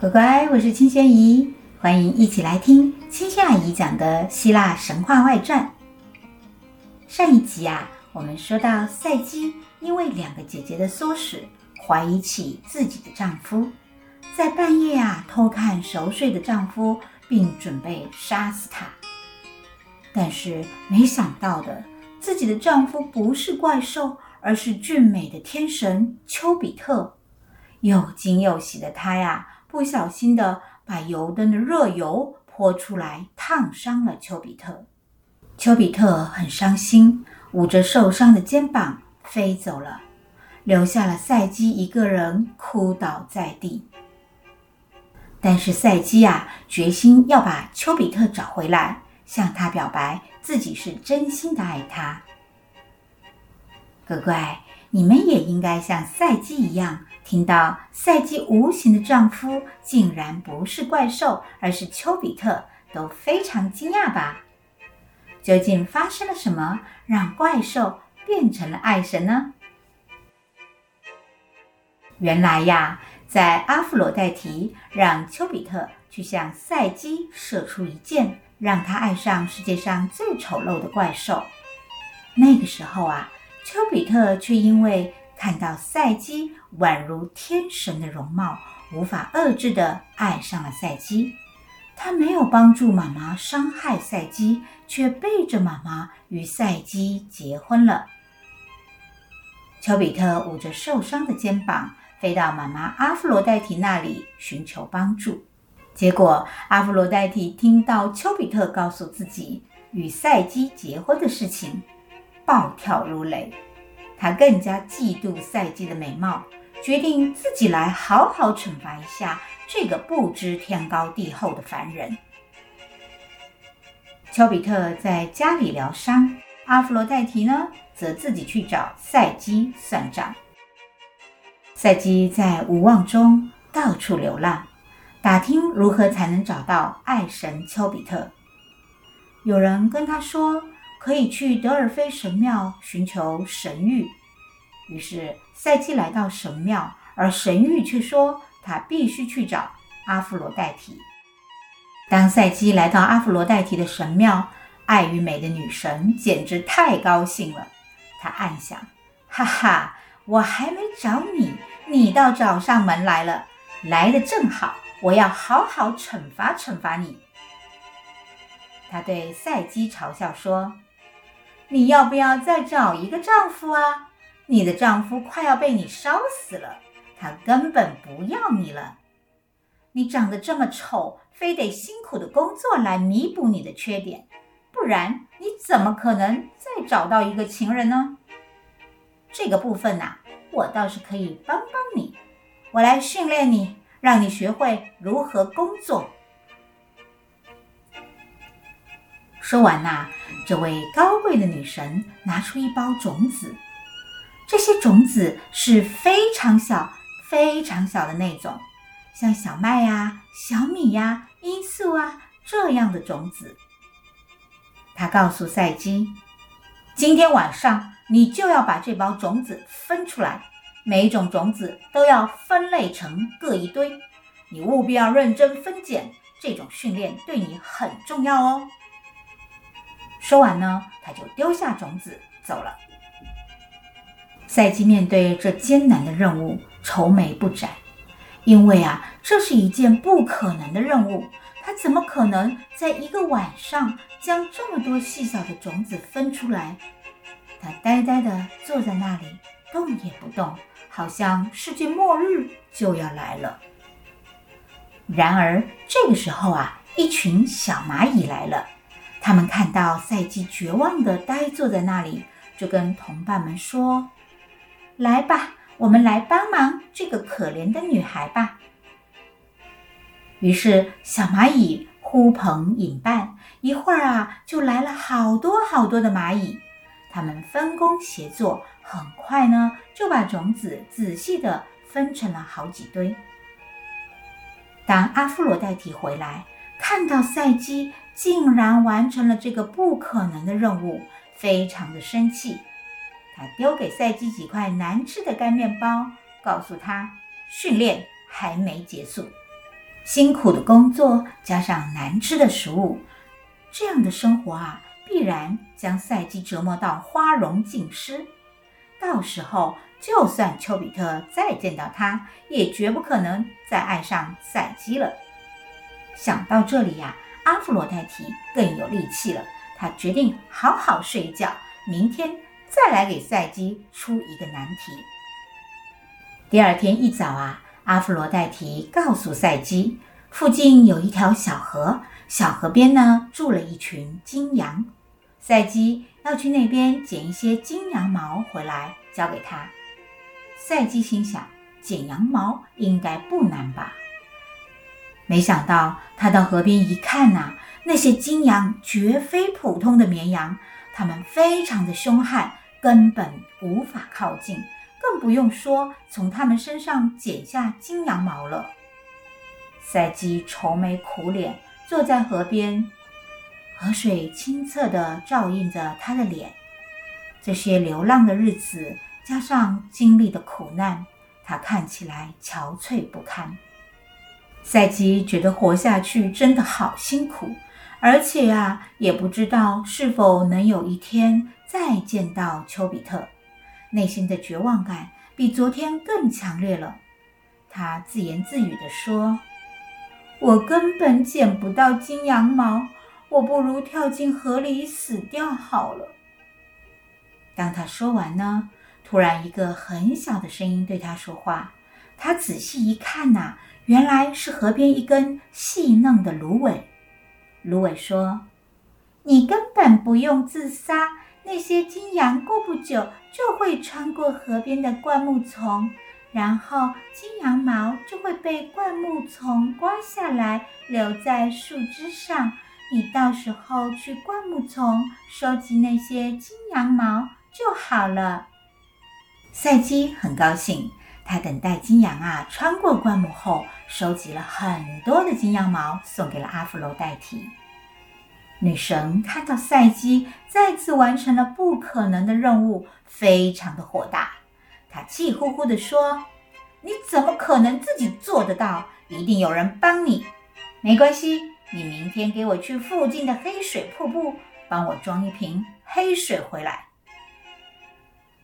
乖乖，我是青萱姨，歡迎一起來聽青萱阿姨講的《希臘神話外傳》。上一集啊，我們說到賽姬因為兩個姐姐的唆使，懷疑起自己的丈夫，在半夜啊偷看熟睡的丈夫，並準備殺死他。但是沒想到的，自己的丈夫不是怪獸，而是俊美的天神邱比特。又驚又喜的她呀、啊。不小心的把油燈的熱油潑出來，燙傷了邱比特。邱比特很傷心，捂着受傷的肩膀飛走了，留下了賽姬一個人哭倒在地。但是賽姬呀、啊，決心要把邱比特找回來，向他表白自己是真心的愛他。乖乖，你們也應該像賽姬一樣。聽到賽姬無形的丈夫竟然不是怪獸，而是丘比特，都非常驚訝吧？究竟發生了什麼，讓怪獸變成了愛神呢？原來呀，在阿弗羅戴提讓丘比特去向賽姬射出一箭，讓她愛上世界上最醜陋的怪獸。那個時候啊，丘比特卻因為……看到賽基宛如天神的容貌，無法遏製地愛上了賽基。他沒有幫助媽媽傷害賽基，卻背着媽媽與賽基結婚了。丘比特捂着受傷的肩膀，飛到媽媽阿芙羅黛提那裡尋求幫助。結果，阿芙羅黛提聽到丘比特告訴自己與賽基結婚的事情，暴跳如雷。他更加嫉妒賽姬的美貌，決定自己來好好懲罰一下這個不知天高地厚的凡人。邱比特在家裡療傷，阿佛羅戴提呢，則自己去找賽姬算賬。賽姬在無望中到處流浪，打聽如何才能找到愛神邱比特。有人跟他說，可以去德爾菲神廟尋求神諭，於是賽基來到神廟，而神諭卻說他必須去找阿佛羅戴提。當賽基來到阿佛羅戴提的神廟，愛與美的女神簡直太高興了，她暗想：“哈哈，我還沒找你，你倒找上門來了，來得正好，我要好好懲罰懲罰你。”她對賽基嘲笑說。你要不要再找一個丈夫啊？你的丈夫快要被你燒死了，他根本不要你了。你長得這麼醜，非得辛苦的工作來彌補你的缺點，不然你怎麼可能再找到一個情人呢？這個部分吶、啊，我倒是可以幫幫你，我來訓練你，讓你學會如何工作。說完吶。這位高貴的女神拿出一包種子，這些種子是非常小、非常小的那種，像小麥呀、啊、小米呀、啊、罌粟啊這樣的種子。她告訴賽姬：“今天晚上你就要把這包種子分出來，每一種種子都要分類成各一堆。你務必要認真分揀，這種訓練對你很重要哦。”說完呢，他就丟下種子走了。賽姬面對這艱難的任務，愁眉不展，因為啊，這是一件不可能的任務。他怎麼可能在一個晚上將這麼多細小的種子分出來？他呆呆地坐在那裡，動也不動，好像世界末日就要來了。然而這個時候啊，一群小螞蟻來了。他們看到賽姬絕望的呆坐在那裡，就跟同伴們說：“來吧，我們來幫忙這個可憐的女孩吧。”於是小螞蟻呼朋引伴，一會兒啊就來了好多好多的螞蟻。他們分工協作，很快呢就把種子仔細的分成了好幾堆。當阿芙羅代替回來。看到賽姬竟然完成了這個不可能的任務，非常的生氣。他丟給賽姬幾塊難吃的乾麵包，告訴他訓練還沒結束。辛苦的工作加上難吃的食物，這樣的生活啊，必然將賽姬折磨到花容盡失。到時候，就算邱比特再見到他，也絕不可能再愛上賽姬了。想到這裡呀、啊，阿芙羅戴提更有力氣了。他決定好好睡一覺，明天再來給賽姬出一個難題。第二天一早啊，阿芙羅戴提告訴賽姬，附近有一條小河，小河邊呢住了一群金羊。賽姬要去那邊撿一些金羊毛回來交給他。賽姬心想，撿羊毛應該不難吧？沒想到他到河邊一看吶、啊，那些金羊絕非普通的綿羊，它們非常的凶悍，根本無法靠近，更不用說從它們身上剪下金羊毛了。賽姬愁眉苦臉，坐在河邊，河水清澈地照映着他的臉。這些流浪的日子，加上經歷的苦難，他看起來憔悴不堪。賽姬覺得活下去真的好辛苦，而且啊，也不知道是否能有一天再見到邱比特。內心的絕望感比昨天更強烈了。他自言自語地說：“我根本撿不到金羊毛，我不如跳進河裡死掉好了。”當他說完呢，突然一個很小的聲音對他說話。他仔細一看吶、啊。原來是河邊一根細嫩的蘆葦。蘆葦說：“你根本不用自殺。那些金羊過不久就會穿過河邊的灌木叢，然後金羊毛就會被灌木叢刮下來，留在樹枝上。你到時候去灌木叢收集那些金羊毛就好了。”賽姬很高興，她等待金羊啊穿過灌木後，收集了很多的金羊毛，送給了阿芙羅黛蒂女神。看到賽姬再次完成了不可能的任務，非常的火大。她氣呼呼地說：“你怎麼可能自己做得到？一定有人幫你。沒關係，你明天給我去附近的黑水瀑布，幫我裝一瓶黑水回來。”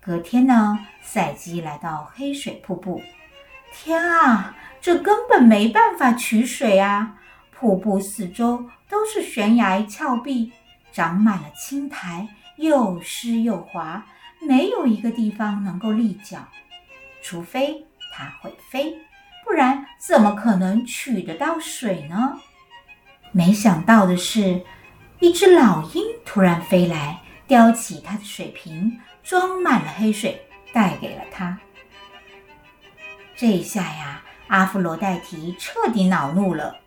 隔天呢，賽姬來到黑水瀑布。天啊，這根本沒辦法取水啊！瀑布四周都是懸崖峭壁，長滿了青苔，又濕又滑，沒有一個地方能夠立腳。除非它會飛，不然怎麼可能取得到水呢？沒想到的是，一只老鷹突然飛來，叼起它的水瓶，裝滿了黑水，帶給了它。這一下呀，阿芙羅黛蒂徹底惱怒了，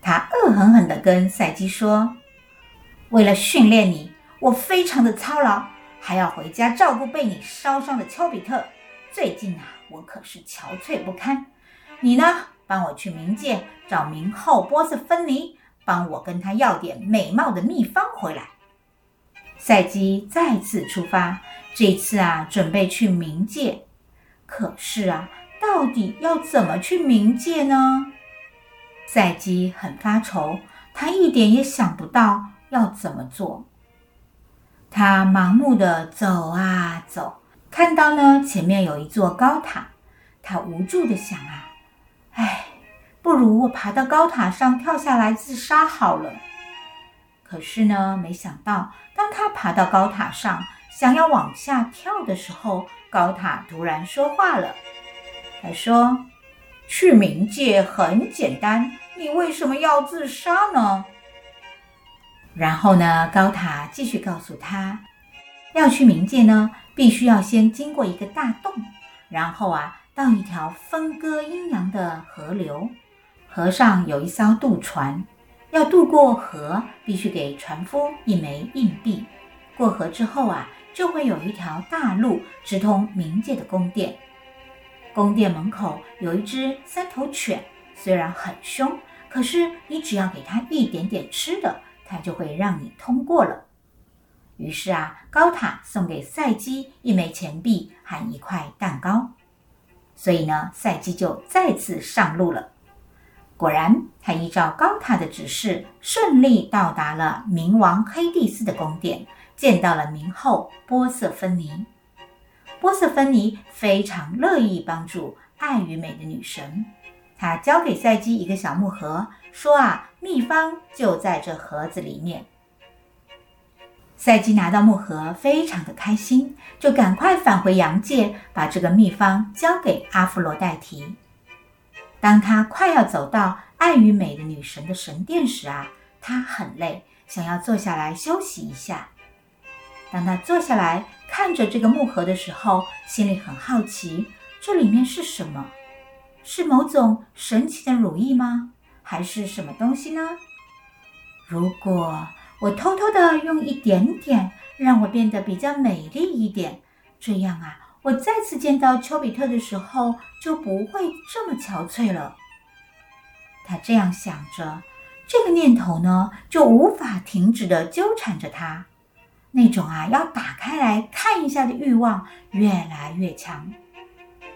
他惡、呃、狠狠地跟賽姬說：“為了訓練你，我非常的操勞，還要回家照顧被你燒傷的邱比特。最近啊，我可是憔悴不堪。你呢，幫我去冥界找冥後波斯芬尼，幫我跟他要點美貌的秘方回來。”賽姬再次出發，這次啊，準備去冥界，可是啊。到底要怎麼去冥界呢？賽姬很發愁，他一點也想不到要怎麼做。他盲目的走啊走，看到呢，前面有一座高塔，他無助的想啊：“哎，不如我爬到高塔上跳下來自殺好了。”可是呢，沒想到當他爬到高塔上想要往下跳的時候，高塔突然說話了。他說：“去冥界很簡單，你為什麼要自殺呢？”然後呢，高塔繼續告訴他：“要去冥界呢，必須要先經過一個大洞，然後啊，到一條分割陰陽的河流，河上有一艘渡船，要渡過河必須給船夫一枚硬幣。過河之後啊，就會有一條大路直通冥界的宮殿。”宮殿門口有一隻三頭犬，雖然很兇，可是你只要給它一點點吃的，它就會讓你通過了。於是啊，高塔送給賽姬一枚錢幣和一塊蛋糕，所以呢，賽姬就再次上路了。果然，他依照高塔的指示，順利到達了冥王黑帝斯的宮殿，見到了冥後波色芬尼。波瑟芬妮非常樂意幫助愛與美的女神，她交給賽姬一個小木盒，說：“啊，秘方就在這盒子裡面。”賽姬拿到木盒，非常的開心，就趕快返回陽界，把這個秘方交給阿芙羅黛蒂。當他快要走到愛與美的女神的神殿時，啊，他很累，想要坐下來休息一下。當他坐下來看着這個木盒的時候，心裡很好奇，這裡面是什麼？是某種神奇的乳液嗎？還是什麼東西呢？如果我偷偷的用一點點，讓我變得比較美麗一點，這樣啊，我再次見到丘比特的時候就不會這麼憔悴了。他這樣想着，這個念頭呢，就無法停止地糾纏着他。那種啊，要打開來看一下的慾望越來越強，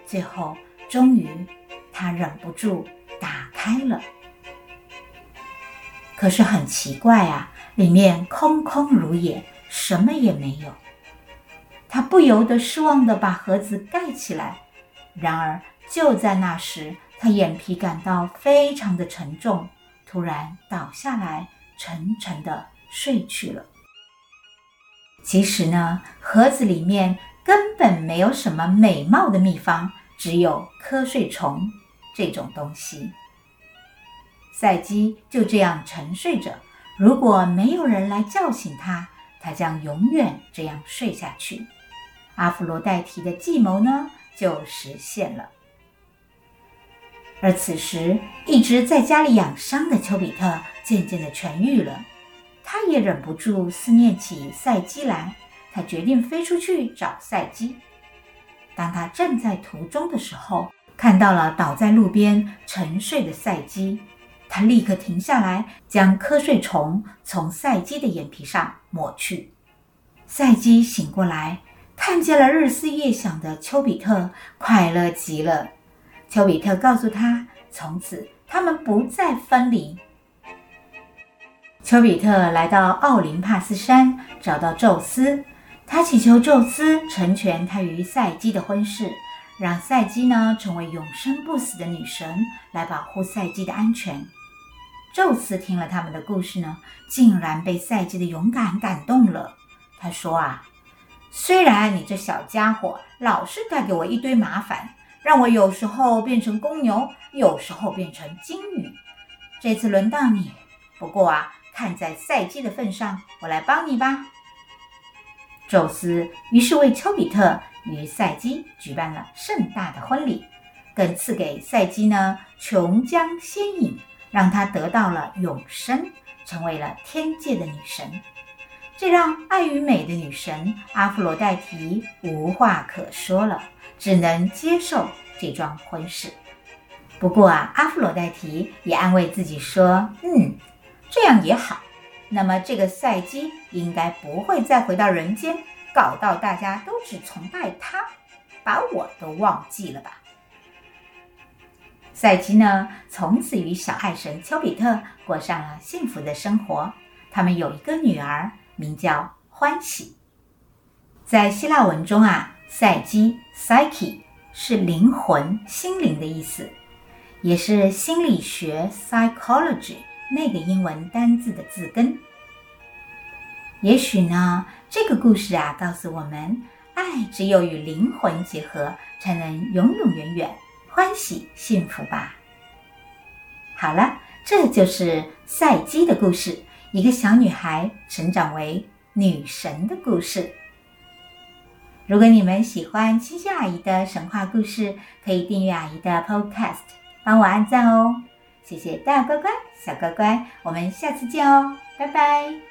最後終於他忍不住打開了。可是很奇怪啊，裡面空空如也，什麼也沒有。他不由得失望的把盒子蓋起來，然而就在那時，他眼皮感到非常的沉重，突然倒下來，沉沉的睡去了。其實呢，盒子裡面根本沒有什麼美貌的秘方，只有瞌睡蟲這種東西。賽姬就這樣沉睡着，如果沒有人來叫醒她，她將永遠這樣睡下去。阿弗羅代提的計謀呢，就實現了。而此時，一直在家裡養傷的丘比特漸漸的痊癒了。他也忍不住思念起賽姬來，他決定飛出去找賽姬。當他正在途中的時候，看到了倒在路邊沉睡的賽姬，他立刻停下來，將瞌睡蟲從賽姬的眼皮上抹去。賽姬醒過來，看見了日思夜想的邱比特，快樂極了。邱比特告訴他，從此他們不再分離。邱比特來到奧林帕斯山，找到宙斯，他祈求宙斯成全他與賽姬的婚事，讓賽姬呢成為永生不死的女神，來保護賽姬的安全。宙斯聽了他們的故事呢，竟然被賽姬的勇敢感動了。他說啊，雖然你這小家伙老是帶給我一堆麻煩，讓我有時候變成公牛，有時候變成金魚，這次輪到你。不過啊。看在賽姬的份上，我來幫你吧。宙斯於是為邱比特與賽姬舉辦了盛大的婚禮，更賜給賽姬呢瓊漿仙飲，讓她得到了永生，成為了天界的女神。這讓愛與美的女神阿芙羅代提無話可說了，只能接受這樁婚事。不過啊，阿芙羅代提也安慰自己說：“嗯。”這樣也好，那麼這個賽姬應該不會再回到人間，搞到大家都只崇拜他，把我都忘記了吧？賽姬呢，從此與小愛神邱比特過上了幸福的生活，他們有一個女兒，名叫歡喜。在希臘文中啊，賽姬 （psyche） 是靈魂、心靈的意思，也是心理學 （psychology）。那個英文單字的字根。也許呢，這個故事啊，告訴我們，愛只有與靈魂結合，才能永永遠遠歡喜幸福吧。好了，這就是賽姬的故事，一個小女孩成長為女神的故事。如果你們喜歡青萱阿姨的神話故事，可以訂閱阿姨的 Podcast，幫我按讚哦。謝謝大乖乖、小乖乖，我們下次見哦，拜拜。